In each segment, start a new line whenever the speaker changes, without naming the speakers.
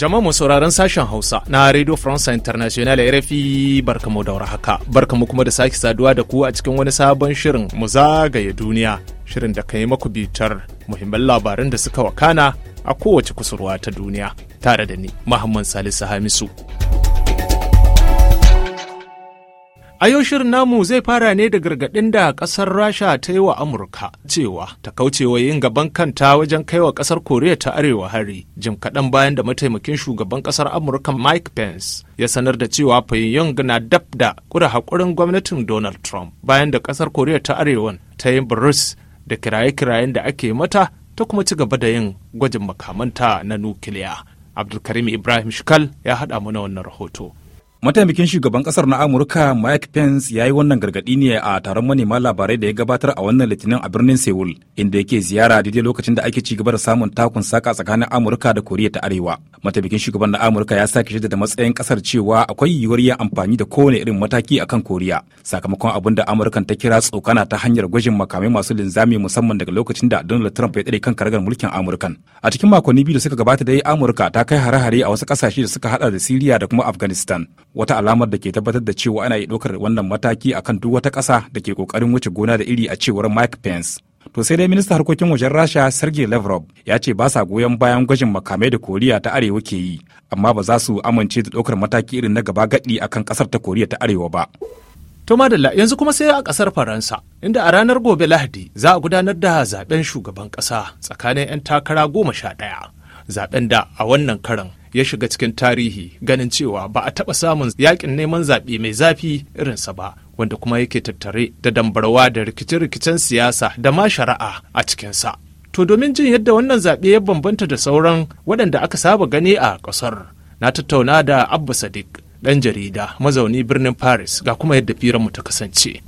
Jama'a mu sauraron sashen Hausa na Radio France International RFI mu da haka. mu kuma da sake saduwa da ku a cikin wani sabon shirin mu zagaye duniya. Shirin da ka yi maku bitar muhimman labaran da suka wakana a kowace kusurwa ta duniya tare da ni Muhammad Salisu Hamisu. A shirin namu zai fara ne da gargaɗin da ƙasar Rasha ta yi wa Amurka cewa ta kaucewa yin gaban kanta wajen kai wa ƙasar Koriya ta Arewa hari jim kaɗan bayan da mataimakin shugaban ƙasar Amurka Mike Pence ya sanar da cewa Pyongyang na dab da ƙura haƙurin gwamnatin Donald Trump bayan da ƙasar Koriya ta Arewan ta yi burus da kiraye-kirayen da ake mata ta kuma ci gaba da yin gwajin makamanta na nukiliya. Abdulkarim Ibrahim Shikal ya haɗa mana wannan rahoto.
mataimakin shugaban kasar na amurka mike pence ya yi wannan gargaɗi ne a taron manema labarai da ya gabatar a wannan litinin a birnin seoul inda yake ziyara daidai lokacin da ake ci gaba da samun takun saka tsakanin amurka da koriya ta arewa mataimakin shugaban na amurka ya sake da matsayin kasar cewa akwai yiwuwar yin amfani da kowane irin mataki akan koriya sakamakon abin da amurkan ta kira tsokana ta hanyar gwajin makamai masu linzami musamman daga lokacin da donald trump ya tsare kan karagar mulkin amurkan a cikin makonni biyu da suka gabata dai amurka ta kai hare-hare a wasu kasashe da suka hada da siriya da kuma afghanistan wata alamar da ke tabbatar da cewa ana iya ɗaukar wannan mataki akan duk wata ƙasa da ke ƙoƙarin wuce gona da iri a cewar Mike Pence. To sai dai ministan harkokin wajen Rasha Sergei Lavrov ya ce ba sa goyon bayan gwajin makamai da Koriya ta Arewa ke yi, amma ba za su amince da ɗaukar mataki irin na gaba gadi
kan ƙasar ta Koriya ta Arewa ba. To madalla yanzu kuma sai a ƙasar Faransa, inda a ranar gobe Lahadi za a gudanar da zaben shugaban ƙasa tsakanin 'yan takara goma sha ɗaya. Zaben da a wannan karan ya shiga cikin tarihi ganin cewa ba a taɓa samun yakin neman zaɓe mai zafi irinsa ba wanda kuma yake tattare da dambarwa da rikice-rikicen siyasa da ma shari'a a cikinsa. To domin jin yadda wannan zaɓe ya bambanta da sauran waɗanda aka saba gani a ƙasar, na tattauna da Abba Sadiq, ɗan jarida mazauni birnin Paris ga kuma yadda firanmu ta kasance.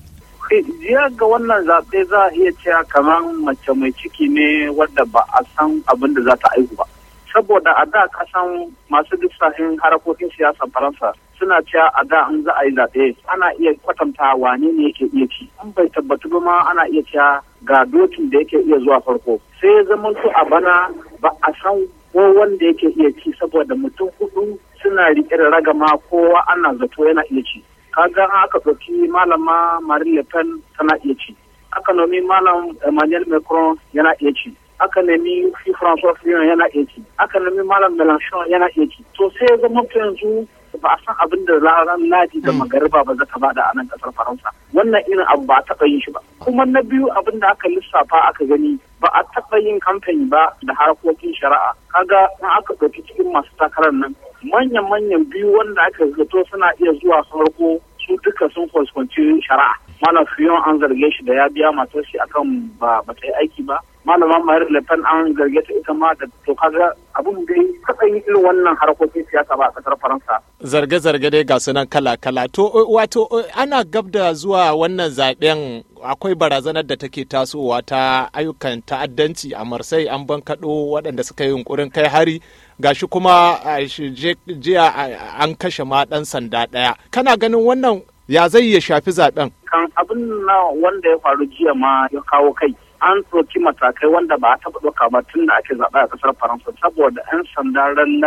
jiya ga wannan zaɓe za a iya cewa kamar mace mai ciki ne wadda ba a san abin da za ta aihu ba. saboda a da kasan masu lissafin harakokin siyasa faransa suna cewa a da an za a yi zaɓe ana iya kwatanta wane ne yake iya ci an bai tabbatu ba ma ana iya cewa ga dokin da yake iya zuwa farko sai zaman su a bana ba a san ko wanda yake iya ci saboda mutum hudu suna riƙe da ragama kowa ana zato yana iya ci kaga aka ɗauki malama marie Le Pen tana iya ci aka nomi malam Emmanuel Macron yana iya ci aka nemi shi François Fillon yana aiki aka nemi Malam Mélenchon yana aiki to sai ya zama yanzu ba a san abin da laran ladi da mm. magariba ba zata ba da anan kasar faransa wannan irin abu ba a taɓa yin shi ba kuma na biyu abin da aka lissafa aka gani ba a taɓa yin kamfani ba da harkokin shari'a kaga in aka ɗauki cikin masu takarar nan manyan manyan biyu wanda aka zato suna iya zuwa farko su duka sun kwaskwanci shari'a malam fiyon an zarge shi da ya biya matar shi akan ba ba ta yi aiki ba malama mahir lefan an zarge ta ita ma da to kaga abun da kasan yi irin wannan harkokin siyasa ba a kasar faransa
zarge-zarge dai ga sunan kala-kala to eh, wato eh, ana gab da zuwa wannan zaben akwai barazanar da take tasowa ta ayyukan ta'addanci a marsai an bankaɗo waɗanda suka yi yunkurin kai hari gashi kuma jiya an kashe ma ɗan sanda ɗaya kana ganin wannan ya zai ya shafi zaɓen.
kan abin na wanda ya faru jiya ma ya kawo kai an ɗauki matakai wanda ba a taɓa ɗauka ba tun da ake zaɓa a ƙasar faransa saboda 'yan sanda ran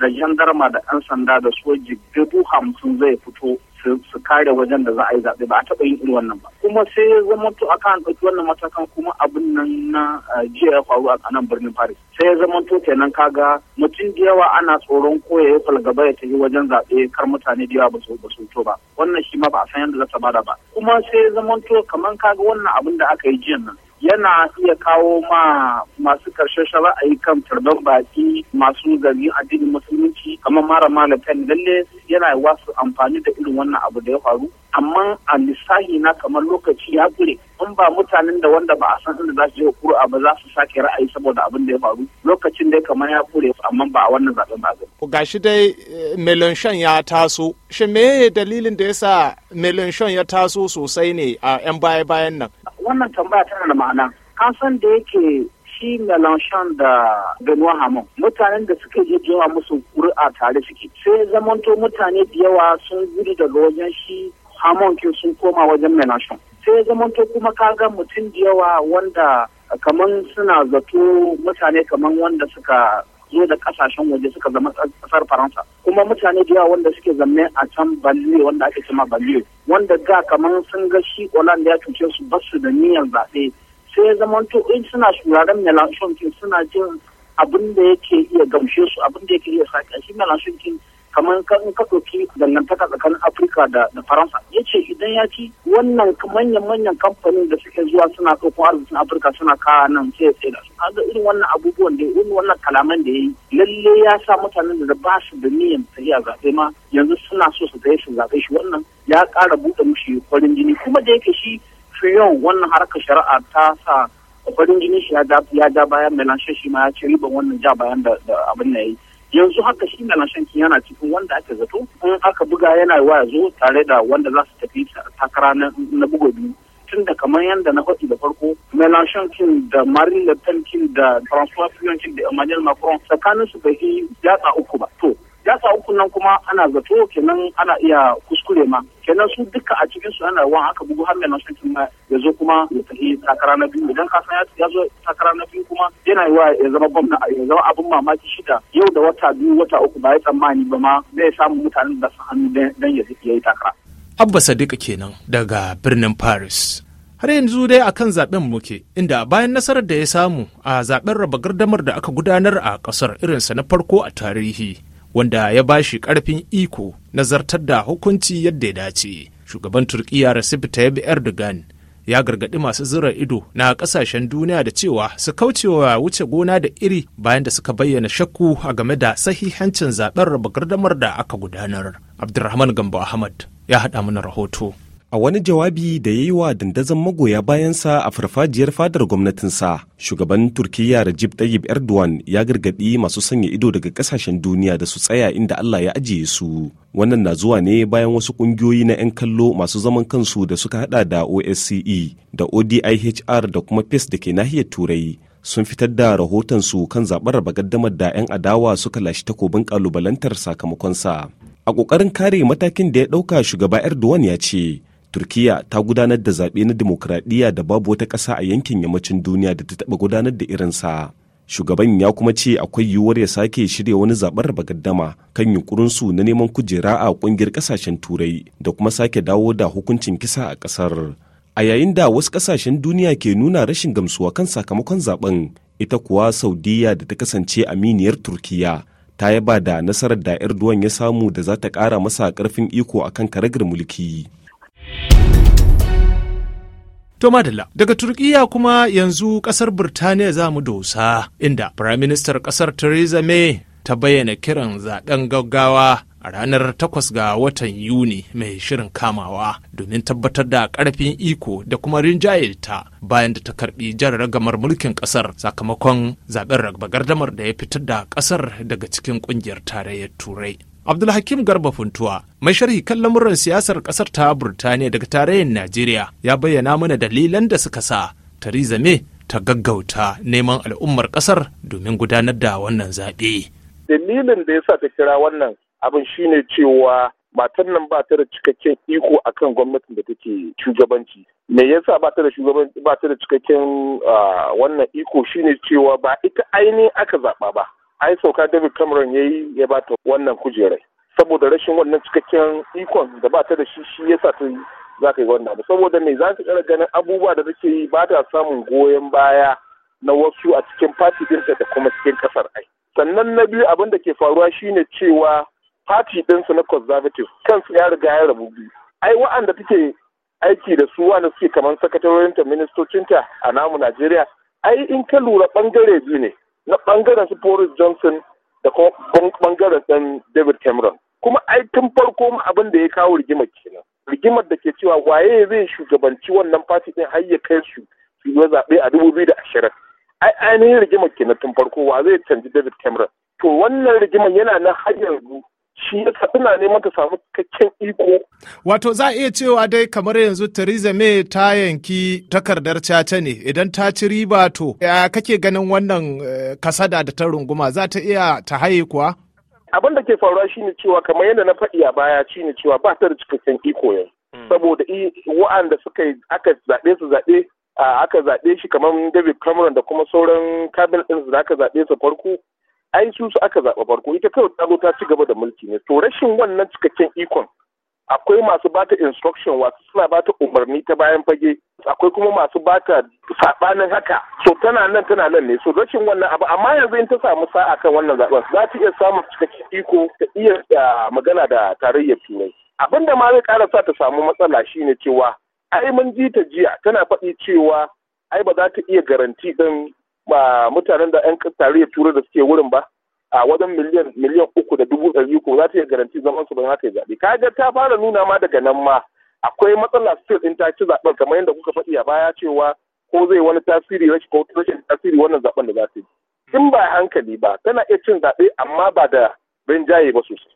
da jandarma da 'yan sanda da soji dubu hamsin zai fito su kare wajen da za a yi zaɓe ba a taɓa yin irin wannan ba kuma sai ya zama to aka an ɗauki wannan matakan kuma abin nan na eh, jiya ya faru a nan birnin paris sai ya zama to kenan kaga mutum da yawa ana tsoron ko ya yi falgaba ya tafi wajen zaɓe kar mutane da yawa ba su to ba wannan shi ma ba a san yadda za ta bada ba kuma sai ya zama kamar kaga wannan abin da aka yi jiya nan yana iya kawo ma masu a ra'ayi kan tarban baki masu zargin addinin musulunci kamar mara malakan lalle yana wasu amfani da irin wannan abu da ya faru amma a lissahi na kamar lokaci ya gure in ba mutanen da wanda ba a san inda za su je a ba za su sake ra'ayi saboda abin da ya faru lokacin dai kamar
ya gure amma ba a wannan zaben ba gashi dai eh, Melanchon ya taso shi me dalilin da yasa Melanchon ya taso sosai ne a 'yan baya-bayan nan
wannan tambaya tana da ma'ana an san da yake shi Melanchon da Benoit Hamon mutanen da suka je jewa musu kuri'a tare suke sai zamanto mutane da yawa sun gudu daga wajen shi Hamon ke sun koma wajen Melanchon sai zamanto kuma kaga mutum da yawa wanda kaman suna zato mutane kamar wanda suka zo da kasashen waje suka zama kasar faransa kuma mutane da yawa wanda suke zanne a can balle wanda ake cima balle wanda ga kamar sun ga shi da ya cuce su basu da niyyar zaɓe sai ya zama to in suna shuraren Melanchon suna jin abin da yake iya gamshe su abin da yake iya sake shi Melanchon kamar kan ka ɗauki dangantaka tsakanin afirka da da faransa ya ce idan ya ci wannan manyan manyan kamfanin da suke zuwa suna ɗauko arzikin afirka suna kawo nan sai sai da su irin wannan abubuwan da irin wannan kalaman da ya yi lalle ya sa mutanen da ba su da niyyar tafiya zaɓe ma yanzu suna so su tsaye su zaɓe shi wannan ya ƙara buɗe mushi farin jini kuma da yake shi fiyon wannan harkar shari'a ta sa farin jini shi ya da bayan melanshe shi ma ya ce riban wannan ja bayan da abin da ya yi yanzu haka shi na shanki yana cikin wanda aka zato in aka buga yana wa zo tare da wanda za su tafi takara na bugu biyu tun da kamar yadda na faɗi da farko kin da Marine Le Pen da François Fillon da Emmanuel Macron tsakanin su bai yi yatsa uku ba to siyasa uku nan kuma ana zato kenan ana iya kuskure ma kenan su duka a cikin su ana ruwan aka bugu har mai nashin ma ya zo kuma ya tafi takara na biyu idan ka san ya zo takara na biyu kuma yana yi ya zama gwamna ya zama abin mamaki shida yau da wata biyu wata uku ba ya tsammani ba ma ya samu mutanen da su hannu dan ya
yi takara. Abba Sadiq kenan daga birnin Paris. har yanzu dai a kan zaben muke inda bayan nasarar da ya samu a zaɓen raba gardamar da aka gudanar a ƙasar irinsa na farko a tarihi wanda ya ba shi ƙarfin iko na zartar da hukunci yadda ya dace shugaban Turkiyya recep tayyip erdogan ya gargaɗi masu zura ido na ƙasashen duniya da cewa su kaucewa wuce gona da iri bayan da suka bayyana shakku a game da sahihancin zaɓen raba gardamar da aka gudanar. Abdulrahman Gambo Ahmad ya haɗa mana rahoto.
A wani jawabi da ya yi wa dandazon magoya bayansa a farfajiyar fadar gwamnatinsa, shugaban Turkiyya Recep Tayyip Erdogan ya gargadi masu sanya ido daga ƙasashen duniya da su tsaya inda Allah ya ajiye su. Wannan na zuwa ne bayan wasu ƙungiyoyi na 'yan kallo masu zaman kansu da suka hada da OSCE da ODIHR da kuma PES da ke nahiyar Turai. sun fitar da rahotonsu kan zaɓen raba gaddamar da 'yan adawa suka lashe takobin ƙalubalantar sakamakonsa. A ƙoƙarin kare matakin da ya ɗauka shugaba Erdogan ya ce, turkiya ta gudanar da zaɓe na demokradiyya da babu wata ƙasa a yankin yammacin duniya da ta taɓa gudanar da irin sa shugaban ya kuma ce akwai yiwuwar ya sake shirya wani zaɓen raba gaddama kan yunkurinsu na neman kujera a ƙungiyar ƙasashen turai da kuma sake dawo da hukuncin kisa a ƙasar a yayin da wasu ƙasashen duniya ke nuna rashin gamsuwa kan sakamakon zaɓen ita kuwa saudiya da ta kasance aminiyar turkiya ta yaba da nasarar da erdogan ya samu da za ta ƙara masa ƙarfin iko
akan karagar mulki To madalla daga Turkiyya kuma yanzu ƙasar Birtaniya za mu dosa inda Firaministar kasar Theresa May ta bayyana kiran zaɓen gaggawa a ranar 8 ga watan Yuni mai shirin kamawa domin tabbatar da ƙarfin iko da kuma rinjayenta bayan da ta karɓi ragamar mulkin ƙasar sakamakon zaɓen ragba gardamar da ya fitar da ƙasar daga cikin ƙungiyar tarayyar Turai. Abdulhakim Garba Funtuwa, mai sharhi kan lamuran siyasar ƙasar ta Burtaniya daga tarayyar Najeriya, ya bayyana mana dalilan da suka sa Theresa May ta gaggauta neman al'ummar ƙasar domin gudanar da wannan zaɓe.
Dalilin da ya sa ta kira wannan abin shine cewa matan nan ba ta da cikakken iko akan gwamnatin da take shugabanci me yasa ba ta da shugabanci ba ta da cikakken ah, wannan iko shine cewa ba ita ainihin aka zaɓa ba ai sauka david cameron ya yi ya ba ta wannan kujerai saboda rashin wannan cikakken ikon da ba ta da shi shi ya sa ta za ka yi wannan abu saboda me za ta kara ganin abubuwa da take yi ba ta samun goyon baya na wasu a cikin fati dinta da kuma cikin kasar ai sannan na biyu abin da ke faruwa shine cewa fati ɗinsu na conservative kansu ya riga ya rabu biyu ai wa'anda take aiki da su wanda suke kamar sakatarorinta ministocinta a namu najeriya ai in ka lura bangare biyu ne na bangaren su Boris Johnson da kuma bangaren ɗan David Cameron. Kuma ai tun farko abin da ya kawo rigimar kenan. Rigimar da ke cewa waye zai shugabanci wannan fati ɗin har ya kai su su yi zaɓe a dubu biyu da ashirin. Ai ainihin rigimar kenan tun farko wa zai canji David Cameron. To wannan rigimar yana na har yanzu shi ya ina neman ta samu
cikakken iko. Wato za a iya cewa dai kamar yanzu Theresa May ta yanki takardar caca ne idan ta ci riba to ya kake ganin wannan eh, kasada da ta runguma za ta iya ta haye kuwa?
Abin da ke faruwa shine cewa kamar yadda na faɗi a baya shine cewa ba ta da cikakken iko yanzu. Hmm. Saboda wa'anda suka aka zaɓe su zaɓe aka zaɓe shi kamar David Cameron da kuma sauran kabinet ɗinsu da aka zaɓe su farko ai su su aka zaɓa barko. ita kawai ta ta ci gaba da mulki ne to rashin wannan cikakken ikon akwai masu bata instruction wasu suna bata umarni ta bayan fage akwai kuma masu bata saɓanin haka so tana nan tana nan ne so rashin wannan abu amma yanzu in ta samu sa'a kan wannan zaɓen za ta iya samun cikakken iko ta iya magana da tarayyar turai abin da ma zai ƙara sa ta samu matsala shine cewa ai mun ji ta jiya tana faɗi cewa ai ba za ta iya garanti ɗin ba mutanen da 'yan ya turai da suke wurin ba a wajen miliyan miliyan uku da dubu ɗari uku za ta iya garanti zaman su ba za ta yi zaɓe kaga ta fara nuna ma daga nan ma akwai matsala su in ta ci zaɓen kamar yadda kuka faɗi a baya cewa ko zai wani tasiri rashin ko rashin tasiri wannan zaɓen da za ta yi in ba hankali ba tana iya cin zaɓe amma ba da rinjaye ba sosai.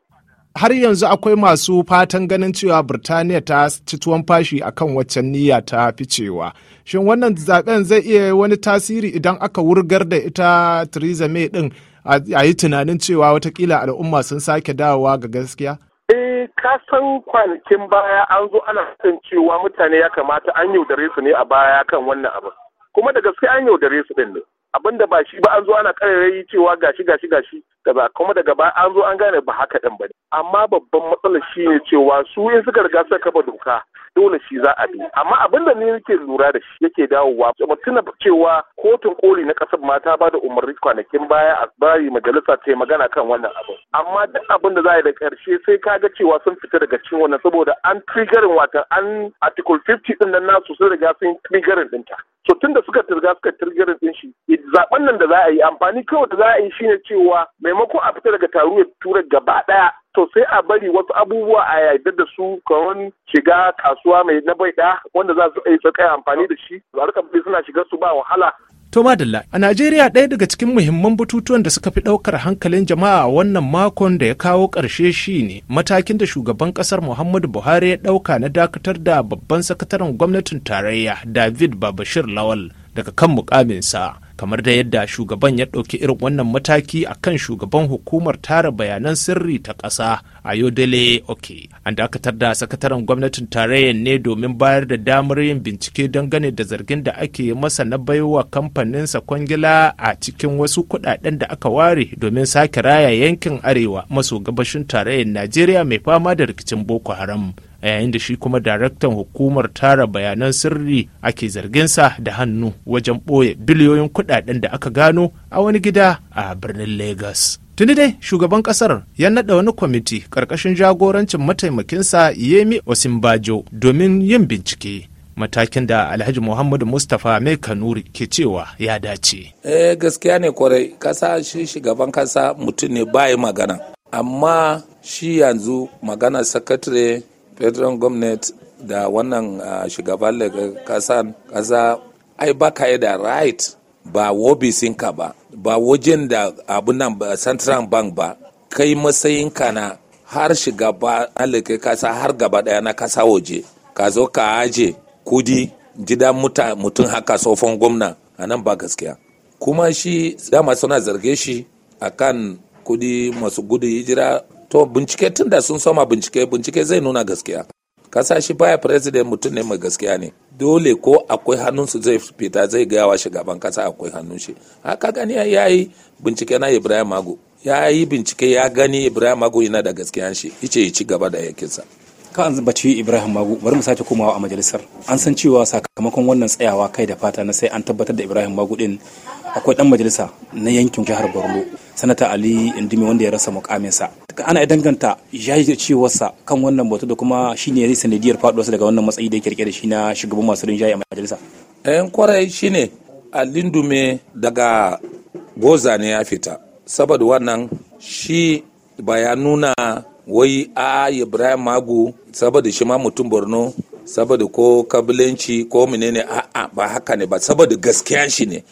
Har yanzu akwai masu fatan ganin cewa Birtaniya ta ci tuwon fashi akan waccan niyya ta fi cewa. shin wannan zaben zai iya wani tasiri idan aka wurgar da ita theresa may din a yi tunanin cewa watakila al'umma sun sake dawowa ga gaskiya
eh ka san kwanakin baya an zo ana san cewa mutane ya kamata an yaudare su ne a baya kan wannan abu kuma da gaske an yaudare su din ne abin da ba shi ba an zo ana karairayi cewa gashi gashi gashi kaza kuma daga baya an zo an gane ba haka din bane amma babban matsalar shi ne cewa su in suka riga suka kafa doka dole shi za a bi amma abin da ni yake lura da shi yake dawowa tuna cewa kotun koli na kasar mata ba da umarni kwanakin baya a bayi majalisa ta yi magana kan wannan abu amma duk abin da za a yi da karshe sai ka ga cewa sun fita daga cikin wannan saboda an triggerin wata an article 50 din nan nasu sun riga sun triggerin dinta so tun da suka turga suka turgar din shi zaben nan da za a yi amfani kawai da za a yi shine cewa maimakon a fita daga ya tura gaba daya to sai a bari wasu abubuwa a yadda da su kawon shiga kasuwa mai na bai wanda za su yi eh, amfani da shi za rika
suna shiga su ba wahala To Madalla, a Najeriya ɗaya daga cikin muhimman batutuwan da suka fi ɗaukar hankalin jama'a wannan makon da ya kawo ƙarshe shi ne matakin da shugaban ƙasar Muhammadu Buhari ya ɗauka na dakatar da babban sakataren gwamnatin tarayya David Babashir Lawal daga kan mukaminsa. kamar da yadda shugaban ya ɗauki irin wannan mataki a kan shugaban hukumar tara bayanan sirri ta ƙasa a yodele oke an dakatar da sakataren gwamnatin tarayyar ne domin bayar da damar yin bincike don gane da zargin da ake masa na baiwa kamfanin kwangila a cikin wasu kuɗaɗen da aka ware domin sake raya yankin arewa maso gabashin tarayyar najeriya mai fama da rikicin boko haram a yayin da shi kuma daraktan hukumar tara bayanan sirri ake zarginsa da hannu wajen ɓoye biliyoyin kuɗaɗen da aka gano a wani gida a birnin lagos. Tuni dai shugaban kasar ya nada wani kwamiti karkashin jagorancin mataimakinsa Yemi Osinbajo domin yin bincike. Matakin da Alhaji Muhammadu Mustapha Mai Kanuri ke cewa ya dace.
Eh gaskiya ne kwarai, kasa shi shugaban kasa mutum ne bayi magana. Amma shi yanzu magana sakatare federal gwamnati da wannan shugaban kasan. kasa kasa ai baka da right ba ka ba ba wajen da abu nan central bank ba kai matsayin ka na har shiga ba alaƙa kasa har gaba daya na kasa waje ka zo ka aje kudi gidan mutum haka tsofon gwamna a nan ba gaskiya kuma shi dama suna zarge shi akan kudi masu gudu hijira to bincike tun da sun soma bincike bincike zai nuna gaskiya kasa shi baya president mutum ne mai gaskiya ne dole ko akwai hannun su zai fita zai gaya wa shugaban kasa akwai hannun shi haka ah, gani ya yi bincike na ibrahim mago ya yi bincike ya gani ibrahim mago yana da gaskiya shi ice ya ci gaba da sa.
ka an bace ibrahim mago bari mu sake komawa a majalisar an san cewa sakamakon wannan tsayawa kai da fata na sai an tabbatar da ibrahim mago din akwai dan majalisa na yankin jihar borno sanata ali indimi wanda ya rasa mukaminsa ana danganta jajircewarsa kan wannan batu da kuma shine ya sanadiyar faduwarsa daga wannan matsayi da ya kirkira da shi na shugaban masu rinjaye a majalisa
ɗayan kwarai shine alindume daga goza ne ya fita saboda wannan shi ba ya nuna wai a ibrahim magu saboda shi ma mutum borno saboda ko kabilanci ko menene a'a ba haka ne ba saboda gaskiyan shi ne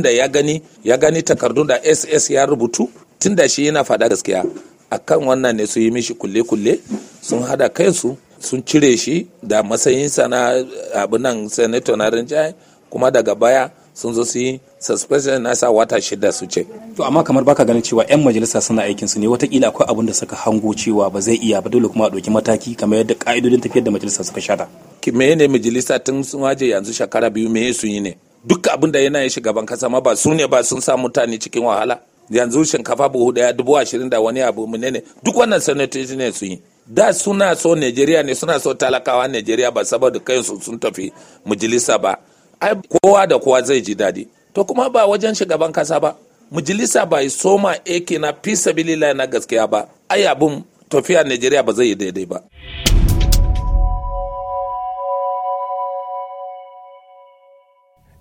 da ya gani ya gani takardun da ss ya rubutu tun da shi yana faɗa gaskiya akan wannan ne su yi mishi kulle-kulle sun hada kai su sun cire shi da matsayinsa na abinan senator na rinjaye kuma daga baya sun zo su yi suspension na sa wata shida su ce
to amma kamar baka ganin cewa yan majalisa suna aikin su ne watakila akwai abin da suka hango cewa ba zai iya ba dole kuma a ɗauki mataki kamar yadda
ka'idodin tafiyar da majalisa suka shata ki me ne majalisa tun sun waje yanzu shekara biyu me su yi ne duk abin da yana yi shugaban kasa ma ba su ne ba sun sa mutane cikin wahala yanzu shinkafa buhu daya dubu ashirin da wani abu ne duk wannan sanatoci ne su yi da suna so Najeriya ne suna so talakawa Najeriya ba saboda kai sun tafi majalisa ba ai kowa da kowa zai ji daɗi to kuma ba wajen shugaban kasa ba majalisa bai soma ake na fisa na gaskiya ba Ayabin tafiya Najeriya ba zai yi daidai ba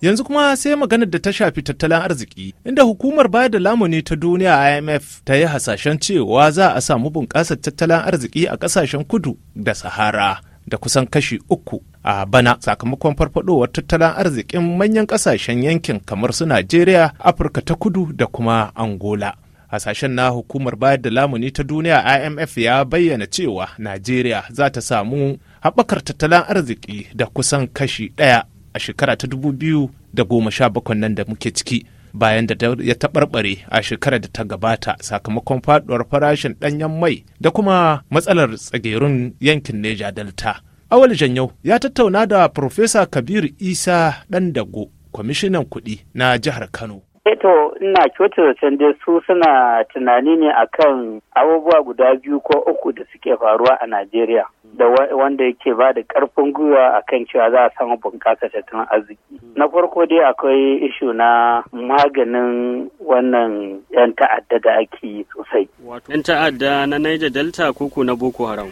Yanzu kuma sai maganar da ta shafi tattalin arziki, inda hukumar bayar da lamuni ta duniya IMF ta yi hasashen cewa za a samu bunƙasar tattalin arziki a ƙasashen kudu da Sahara. da kusan kashi uku a bana sakamakon farfadowar tattalin arzikin manyan kasashen yankin kamar su Najeriya, Afirka ta kudu da kuma Angola. hasashen na hukumar bayar da lamuni ta duniya imf ya bayyana cewa najeriya za ta samu haɓakar tattalin arziki da kusan kashi ɗaya a shekara ta 2017 nan da muke ciki bayan da ya taɓarɓare a shekarar da ta gabata sakamakon faɗuwar farashin ɗanyen mai da kuma matsalar tsagerun yankin Neja Delta. Awal Janyau ya tattauna da Profesa Kabiru Isa Ɗandago, kwamishinan kuɗi na jihar Kano.
Eh, to ina kyoto can dai su suna tunani ne akan abubuwa guda biyu ko uku da suke faruwa a Najeriya da wanda yake ba da karfin gwiwa akan cewa za a samu bunƙasa tattalin arziki. Hmm. Na farko dai akwai ishu na maganin wannan 'yan ta'adda da ake yi sosai. 'yan ta'adda na Niger Delta koko na Boko Haram?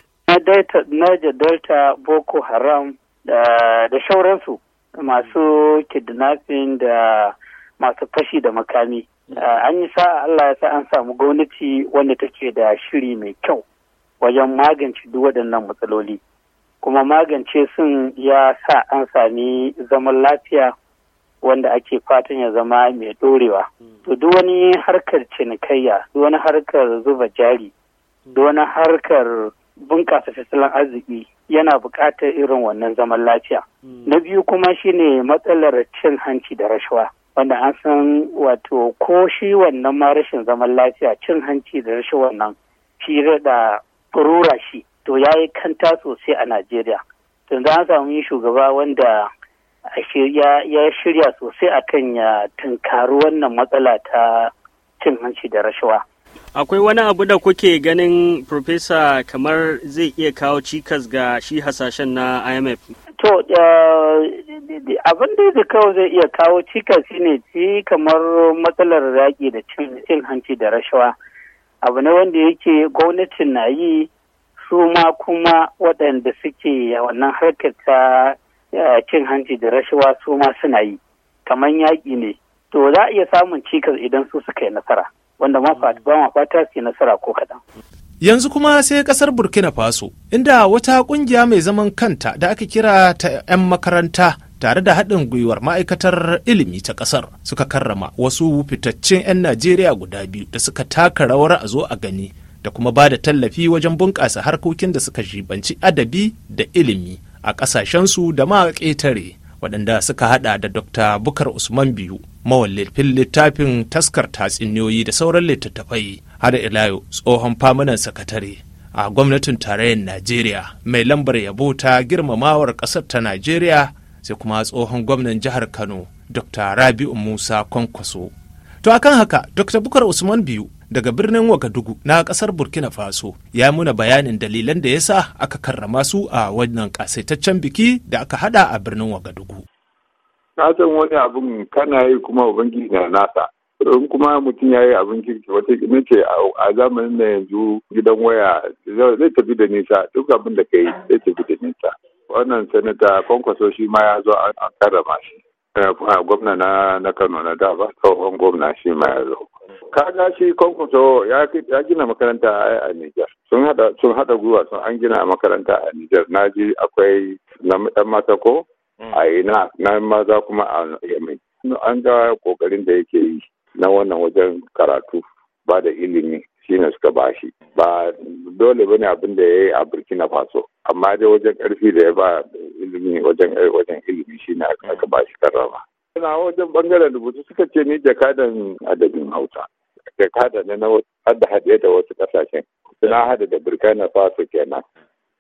Niger Delta, Boko Haram da shauransu masu kidnapping da masu fashi da makami eh, an yi sa'a Allah ya sa an samu gwamnati wanda take da shiri mai kyau wajen magance duk waɗannan matsaloli kuma magance sun ya sa an sami zaman lafiya wanda ake fatan ya zama mai ɗorewa. To duk wani harkar cinikayya, duk wani harkar zuba jari, duk wani harkar bunƙasa tattalin arziki yana buƙatar irin wannan zaman lafiya. Hmm. Na biyu kuma shine matsalar cin hanci da rashawa. wanda an san wato ko shi wannan ma rashin zaman lafiya cin hanci da rashin wannan shi da rura shi to ya yi kanta sosai a najeriya za an samu yi shugaba wanda ya shirya sosai akan ya tunkari wannan matsala ta cin hanci da rashawa akwai wani abu da kuke ganin profesa kamar zai iya kawo cikas ga shi hasashen na imf to eh, abin da da kawai zai iya kawo cika ne ci kamar matsalar yaƙi da cin hanci da rashawa abu ne wanda yake gwamnati na yi su ma kuma waɗanda suke wannan harkar ta cin hanci da rashawa su ma suna yi kamar yaƙi ne to za a iya samun cikas idan su suka yi nasara wanda ma ba ma fata su yi nasara ko
kaɗan. Yanzu kuma sai kasar Burkina Faso, inda wata kungiya mai zaman kanta da aka kira ta 'yan makaranta tare da haɗin gwiwar ma'aikatar ilimi ta ƙasar suka karrama wasu fitaccen 'yan najeriya guda biyu da suka taka rawar a zo a gani da kuma ba da tallafi wajen bunƙasa harkokin da suka jibanci adabi da ilimi a ƙasashensu da ma ƙetare waɗanda suka haɗa da dr bukar usman biyu mawallafin littafin taskar tatsuniyoyi da sauran littattafai har ilayo tsohon famunan sakatare a gwamnatin tarayyar najeriya mai lambar yabo ta girmamawar ƙasar ta najeriya sai kuma tsohon gwamnan jihar kano dr rabi'u musa kwankwaso to akan haka dr bukar usman biyu daga birnin wagadugu na ƙasar burkina faso ya muna bayanin dalilan da yasa aka karrama su a wannan kasaitaccen biki da aka hada a birnin wagadugu
na san wani abin kana yi kuma ubangiji na nasa in kuma mutum ya yi abin kirki wata na a zamanin na yanzu gidan waya zai tafi da nisa duk abin da ka yi zai tafi da nisa wannan sanata kwankwaso shi ma ya zo an karrama shi eh, gwamna na na kano na da ba tsohon gwamna shi ma ya zo kaga shi kwankwaso ya gina makaranta a Nijar sun hada sun gwiwa sun an gina makaranta a Nijar naji akwai na dan mata ko mm. a ina na maza kuma a Yemen an ga kokarin da yake yi na wannan wajen karatu ba da ilimi shine suka bashi ba dole bane abin da ya yi a burkina faso amma dai wajen karfi da ya ba ilimi wajen wajen ilimi shine aka bashi karrama na wajen bangaren rubutu suka ce ni jakadan adabin hausa jakada ne na hada hade da wasu kasashen. na hada da burkina faso kenan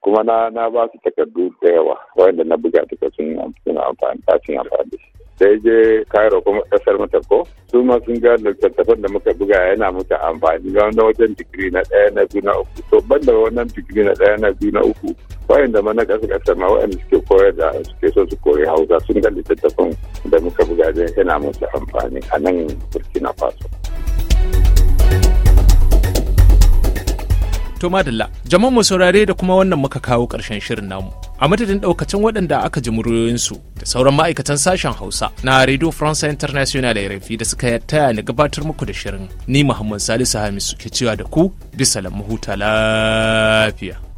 kuma na na ba su takardu da yawa wanda na buga duka sun amfani amfani da shi da ya je Cairo kuma kasar matako ko su ma sun ga littattafan da muka buga yana muka amfani ga wanda wajen digiri na ɗaya na biyu na uku to banda wannan digiri na ɗaya na biyu na uku wayan da na ƙasar ƙasar ma wayan suke koyar da suke so su koyi Hausa sun ga littattafan da muka buga yana musu amfani a nan Burkina Faso.
To madalla, jama'a mu saurare da kuma wannan muka kawo ƙarshen shirin namu. a madadin daukacin waɗanda aka ji muryoyinsu da sauran ma'aikatan sashen hausa na radio france international rfi da suka taya ni gabatar muku da shirin ni muhammad salisu hamisu ke cewa da ku bisa lamu huta lafiya